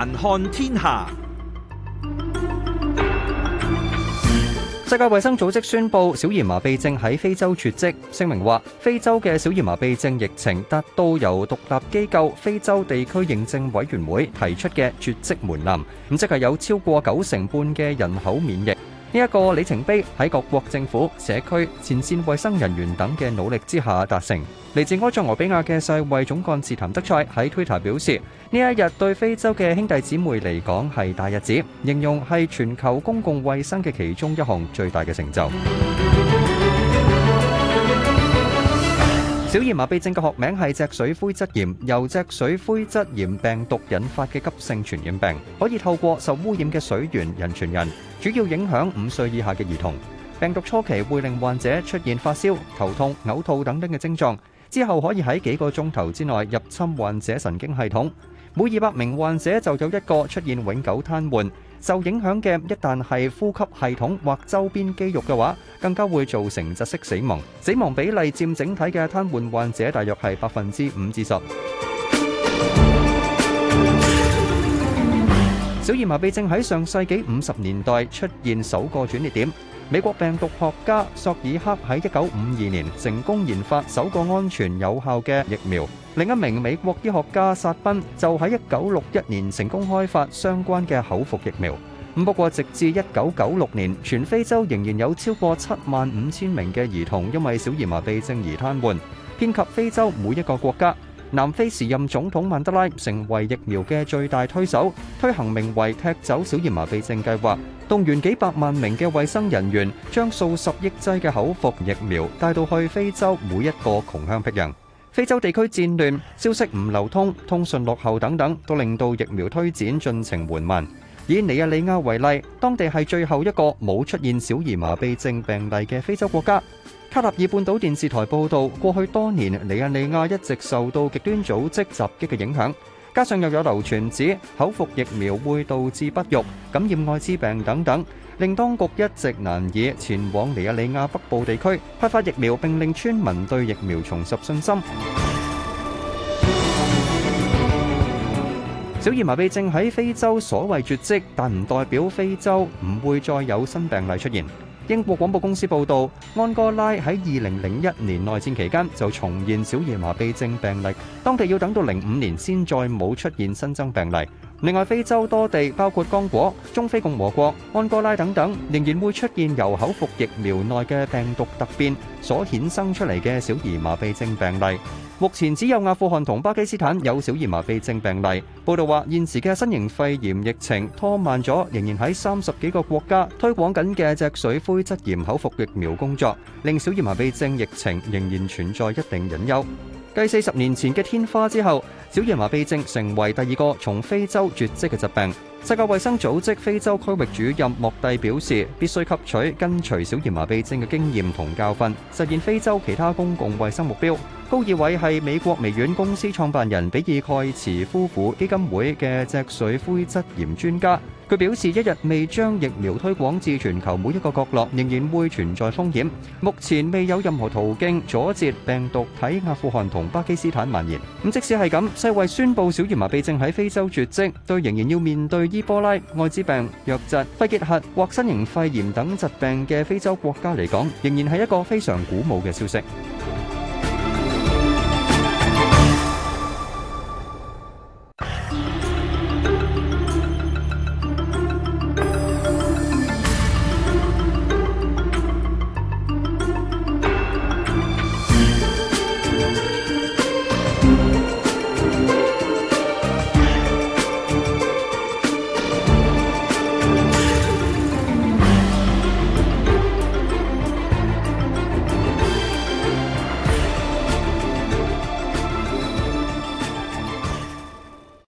環看天下，世界衛生組織宣布小兒麻痹症喺非洲絕迹。聲明話，非洲嘅小兒麻痹症疫情達到由獨立機構非洲地區認證委員會提出嘅絕迹門檻，咁即係有超過九成半嘅人口免疫。呢一個里程碑喺各國政府、社區、前線衛生人員等嘅努力之下達成。嚟自埃塞俄比亞嘅世衛總幹事譚德塞喺推特表示：呢一日對非洲嘅兄弟姊妹嚟講係大日子，形容係全球公共衛生嘅其中一項最大嘅成就。小兒麻痺症嘅學名係脊髓灰質炎，由脊髓灰質炎病毒引發嘅急性傳染病，可以透過受污染嘅水源人傳人，主要影響五歲以下嘅兒童。病毒初期會令患者出現發燒、頭痛、嘔吐等等嘅症狀，之後可以喺幾個鐘頭之內入侵患者神經系統，每二百名患者就有一個出現永久癱瘓。受影響嘅一旦係呼吸系統或周邊肌肉嘅話，更加會造成窒息死亡。死亡比例佔整體嘅癱瘓患者大約係百分之五至十。小兒麻痹症喺上世紀五十年代出現首個轉捩點。美國病毒學家索爾克喺1952年成功研發首個安全有效嘅疫苗，另一名美國醫學家薩賓就喺1961年成功開發相關嘅口服疫苗。咁不過直至1996年全非洲仍然有超過7萬5千名嘅兒童因為小兒麻痺症而癱瘓，遍及非洲每一個國家。南非時任總統曼德拉成為疫苗嘅最大推手，推行名為踢走小兒麻痹症計劃，動員幾百萬名嘅衛生人員，將數十億劑嘅口服疫苗帶到去非洲每一個窮鄉僻壤。非洲地區戰亂、消息唔流通、通訊落後等等，都令到疫苗推展進程緩慢。以尼日利亞為例，當地係最後一個冇出現小兒麻痹症病例嘅非洲國家。卡塔爾半島電視台報道，過去多年尼日利亞一直受到極端組織襲擊嘅影響，加上又有流傳指口服疫苗會導致不育、感染愛滋病等等，令當局一直難以前往尼日利亞北部地區，開發疫苗並令村民對疫苗重拾信心。小兒麻痹症喺非洲所謂絕跡，但唔代表非洲唔會再有新病例出現。英國廣播公司報道，安哥拉喺二零零一年內戰期間就重現小兒麻痺症病例，當地要等到零五年先再冇出現新增病例。另外，非洲多地包括剛果、中非共和國、安哥拉等等，仍然會出現由口服疫苗內嘅病毒突變所衍生出嚟嘅小兒麻痹症病例。目前只有阿富汗同巴基斯坦有小兒麻痹症病例。報道話，現時嘅新型肺炎疫情拖慢咗，仍然喺三十幾個國家推廣緊嘅脊髓灰質炎口服疫苗工作，令小兒麻痹症疫情仍然存在一定隱憂。繼四十年前嘅天花之後，小兒麻痺症成為第二個從非洲絕迹嘅疾病。世界衛生組織非洲區域主任莫蒂表示，必須吸取跟隨小兒麻痹症嘅經驗同教訓，實現非洲其他公共衛生目標。高爾偉係美國微軟公司創辦人比爾蓋茨夫婦基金會嘅脊髓灰質炎專家。佢表示，一日未將疫苗推廣至全球每一個角落，仍然會存在風險。目前未有任何途徑阻截病毒喺阿富汗同巴基斯坦蔓延。咁即使係咁，世衛宣布小兒麻痹症喺非洲絕迹，都仍然要面對。伊波拉、艾滋病、瘧疾、肺結核或新型肺炎等疾病嘅非洲國家嚟講，仍然係一個非常鼓舞嘅消息。